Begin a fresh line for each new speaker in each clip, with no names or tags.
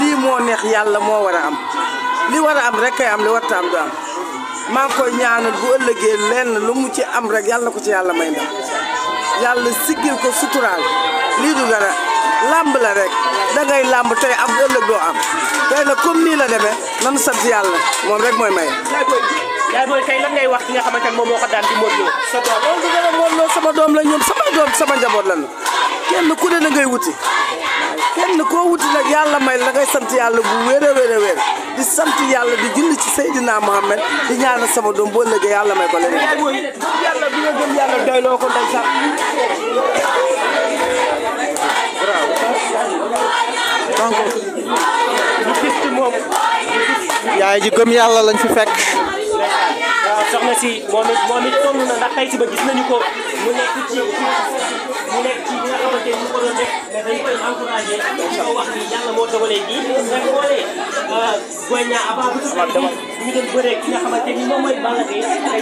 lii moo neex yàlla moo war a am li war a am rek am li warta am am maa ngi koy ñaanal bu ëllëgee lenn la mu ci am rek yàlla ko ci yàlla may ndam yàlla siggil ko suturaal lii du dara làmb la rek dangay làmb tey am ëllëg doo am tey nag comme nii la demee nanu sant yàlla moom rek mooy maye. yaa booy tey lan ngay xamante ne moom moo ko daan di Lo. sa doom loolu du dara Modou Lo sama doom la ñoom sama doom sama njaboot la ñu. kenn ku ne na ngay wuti kenn koo wuti nag yàlla may la ngay sant yàlla bu wéer a wéer di sant yàlla di julli ci Seydina Mohamed di ñaanal sama doom boo léegi yàlla may ko leneen. yàlla bi nga gëm yàlla moom.
yaay ji gëm yàlla lañ fi fekk. waaw
si moom it ko mu nekk moo dogalee kii rek xoolee euh, Boy ki nga xamante ni moom te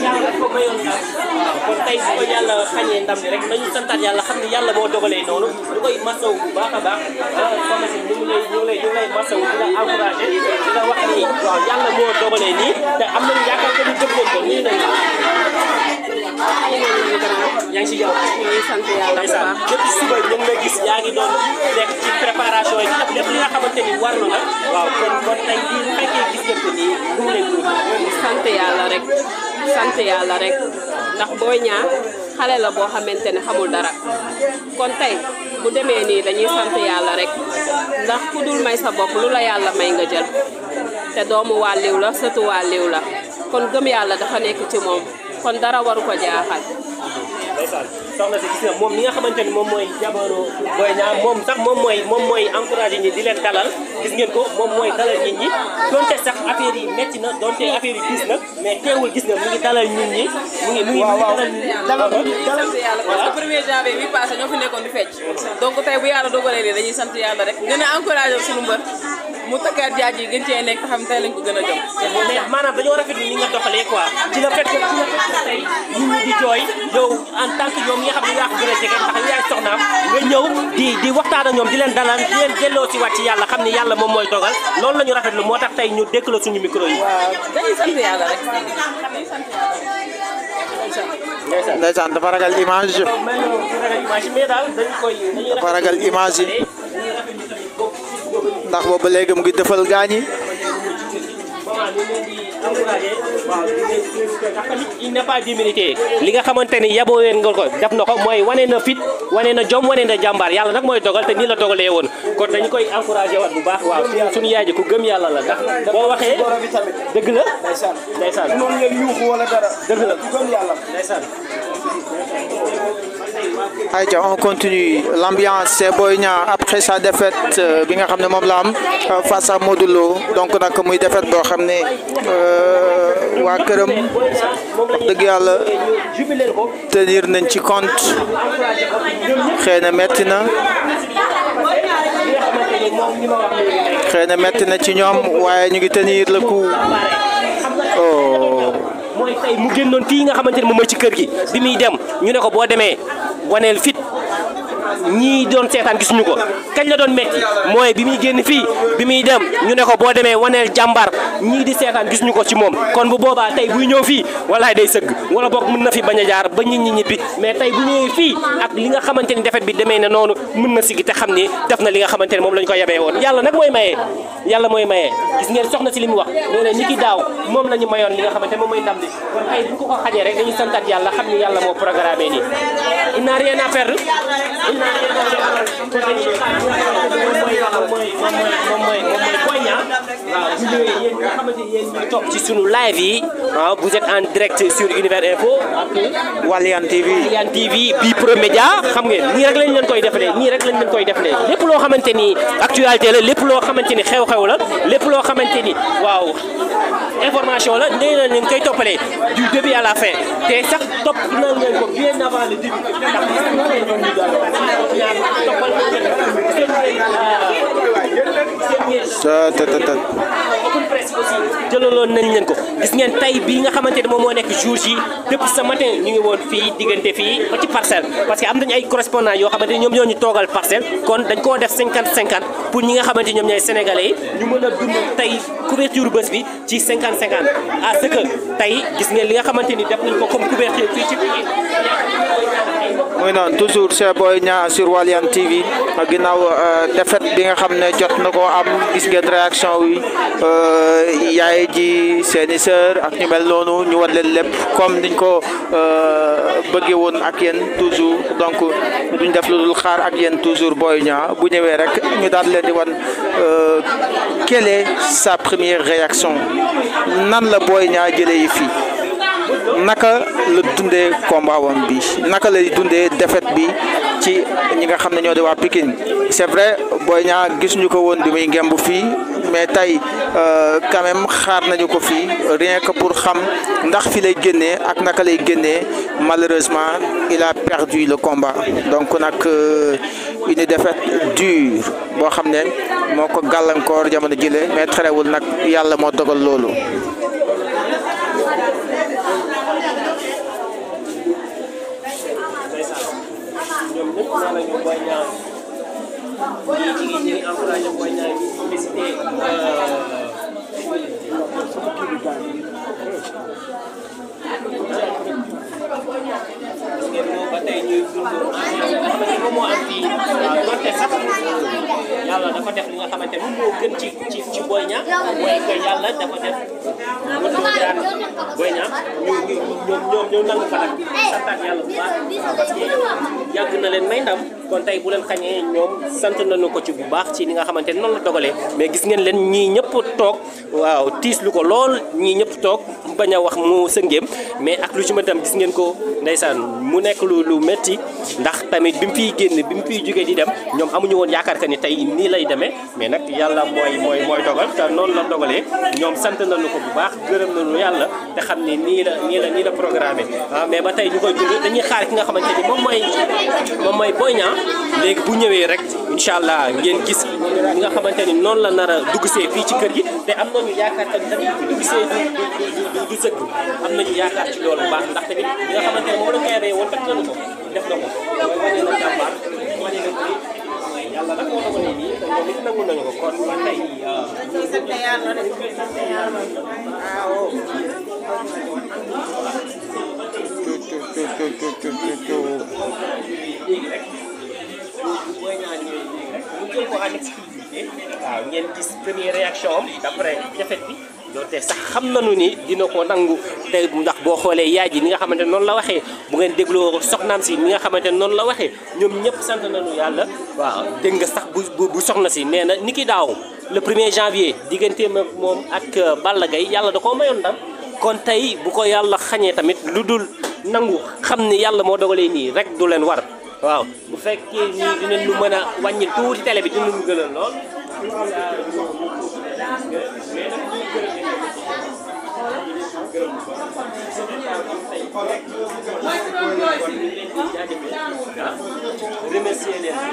yàlla daf ko mayoon ndam kon tey bu yàlla xañee ndam ni rek nañu santaat yàlla xam ni yàlla moo dogalee noonu lu koy masawu bu baax a baax comme ah, si ñu ngi lay ñu ngi wax ni yàlla moo dogalee nii te am nañu yaakaar que ni jëppoon ko nii nañu ngi si jaww ñu sant yàlla gis yaa ngi doon nekk yi ak lépp li nga la rek ndax booy ñaar xale la boo xamante ne xamul dara kon tey bu demee nii dañuy sant yàlla rek ndax ku dul may sa bopp lu la yàlla may nga jël te doomu wàlliw la sëtu wàlliw la kon gëm yàlla dafa nekk ci moom kon dara waru ko jaaxal ndeysaan soxna si gis na moom mi nga xamante ni moom mooy jabaru Boy Niang moom sax moom mooy moom mooy encouragé ñi di leen dalal gis ngeen ko moom mooy dalal nit ñi donte sax affaire yi métti na donte affaire yi gis na mais teewul gis na mu ngi dalal nit ñi mu ngi mu ngi dalal nit ñi dalal dalal yàlla parce que premier janvier bi passé ñoo fi nekkoon di fecc donc tey bu yàlla dogalee lii dañuy sant yàlla rek gën a encouragé suñu mbër mu takkaat jaaj yi gën cee nekk xam tey lañ ko gën a jom mais maanaam dañoo rafetlu ni nga doxalee quoi ci la fekk ci la fekk tey nit ñi di jooy yow mi nga xam ne yaa ko gën a jege ndax yaay soxnaam nga ñëw di di waxtaan ak ñoom di leen dalal di leen delloo si waat yàlla xam ne yàlla moom mooy dogal lool la ñu rafetlu moo tax tey ñu dékk suñu micro yi. waaw dañuy
dafa ragal image. mais ragal image yi. ndax boobu léegi mu ngi defal gaañi.
tamit il li nga xamante ni yaboo ween nga ko def na ko mooy wane na fit wane na jom wane na jàmbaar yàlla nag mooy dogal te nii la dogalee woon kon dañu koy encouragé waat bu baax waaw suñu yaay ji ku gëm yàlla la ndax boo waxee dëgg la ndeysaan moom ngeen yuuxu wala dara dëgg la ku gëm yàlla ndeysaan
Aïcha on continue l'ambiance c'est Boy Niang après sa défaite euh, bi nga xam ne moom la am euh, face à donc nag muy défaite boo xam ne euh, waa këram
wax
dëgg yàlla tenir nañ ci compte xëy na metti na xëy na metti na ci ñoom waaye ñu ngi tenir le coup oh.
mooy tey mu génnoon fii nga xamante ne moom ci kër gi bi muy dem ñu ne ko boo demee waneel fit. ñii doon seetaan gisuñu ko kañ la doon métti mooy bi muy génn fii bi muy dem ñu ne ko boo demee waneel jàmbar ñii di seetaan gisuñu ko ci moom kon bu boobaa tey buy ñëw fii walaay day sëgg wala boog mun na fi bañ a jaar ba ñit ñi ñibbi mais tey bu ñëwee fii ak li nga xamante ni defet bi demee na noonu mën na sigi te xam ni def na li nga xamante ni moom lañ ko yebee woon yàlla nag mooy mayee yàlla mooy mayee gis ngeen soxna si li mu wax nee na daaw moom la ñu mayoon li nga xamante moom mooy ndam bi kon tey bu ko ko xañee yàlla moo programmé mooy mooy waaw ñu ñëwee yéen nga xamante yéen ñu topp ci sunu live yi waaw ah, vous êtes en direct sur Univers Info ak Wallian TV Wallian TV bi Pro Média xam ngeen nii rek lañ leen koy defalee nii rek lañ leen koy defalee lépp loo xamante ni actualité la lépp loo xamante ni xew-xew la lépp loo xamante ni waaw information la nee na leen koy toppalee du début à la fin
ta ta ta
aussi jëlaloon nañ leen ko gis ngeen tey bii nga xamante ne moom moo nekk jour ji depuis ce matin ñu ngi woon fii diggante fii ba ci parcelle parce que am nañu ay correspondant yoo xamante ne ñoom ñoo ñu toogal parcelle kon dañ koo def 50 50 pour ñi nga xamante ne ñoom ñooy sénégalais yi ñu mën a dund tey couverture bés bi ci 50 50 à ce que tey gis ngeen li nga xamante ni def nañ ko comme couverture fii ci biir.
muy noonu toujours Cheikh Boy sur Waliyane TV ginnaaw euh, défaite bi nga xam ne jot na ko am gis ngeen réaction wi euh, yaay e ji seeni sœur ak ñu mel noonu ñu war leen lépp comme niñ ko euh, bëggee woon ak yéen toujours donc duñ def lu dul xaar ak yéen toujours Boy Niang bu ñëwee rek ñu daal leen di wan euh, quelle est sa première réaction nan la Boy ñaa jëlee yi fii naka la dundee combat bi naka lay dundee défaite bi ci ñi nga xam ne ñoo di waa Pikine c'est vrai Boy Niang gis ko woon bi muy ngemb fii mais tey euh, quand même xaar nañu ko fii rien que pour xam ndax fi lay génnee ak naka lay génnee malheureusement il a perdu le combat donc nag euh, une défaite dure boo xam ne moo ko gàllankoor jamono jële mais terewul nag yàlla moo dogal loolu ba tey ñuy dund moo am fii
donte sax yàlla dafa def li nga xamante ni moo gën ci ci ci Boy Niang yàlla dafa def mën na daan Boy Niang ñu ñu ñoom ñoom nangu fa nag santaat yàlla yàgg na leen may ndam. kon tey bu leen xañee ñoom sant nañu ko ci bu baax ci ni nga xamante ne noonu la dogalee mais gis ngeen leen ñii ñëpp toog waaw tiis lu ko lool ñii ñëpp toog bañ a wax mu sëngeem mais ak lu ci ma tam gis ngeen ko ndeysaan mu nekk lu lu métti ndax tamit bi mu fiy génn bi mu fiy jógee di dem ñoom amuñu woon yaakaar que ni tey nii lay deme mais nag yàlla mooy mooy mooy dogal te noonu la dogalee ñoom sant nañu ko bu baax gërëm nañu yàlla te xam ne nii la nii la nii la ah, mais ba tey ñu koy dund dañuy xaar ki nga xamante ni moom mooy moom mooy Boy Niang léegi bu ñëwee rek incha allah ngeen gis ñi nga xamante ni noonu la nar a dugg see fii ci kër gi te am nañu yaakaar tamit fi dugg see du du du sëkk am nañu yaakaar ci loolu bu baax ndax tamit li nga xamante ne moom la koy rey woon fekk na ko def na ko mooy wane na jàmbaar wane na ko ni yàlla nag moo na ko nii nii
ñoom it nangu nañu ko kon man tey dañuy sant yàlla rek sant yàlla waaw
léegi rek mooy ñaan yooyu léegi rek mu jël ko en exclusivité waaw ngeen gis première réaction am d'après défaite bi te sax xam na nañu ni dina ko nangu te ndax boo xoolee yaay ji ni nga xamante noonu la waxee bu ngeen dégloo soxnaam si ni nga xamante noonu la waxee ñoom ñëpp sant nañu yàlla waaw dégg nga sax bu bu soxna si nee na ni ki daaw le premier janvier digganteem moom ak euh, Balla gay yàlla da koo mayoon ndam kon tey bu ko yàlla xañee tamit lu dul nangu xam ni yàlla moo dogalee nii rek du leen war waaw bu fekkee nii dinañ lu mën a wàññil tuuti télé bi dinañ lu gënal
remercier leen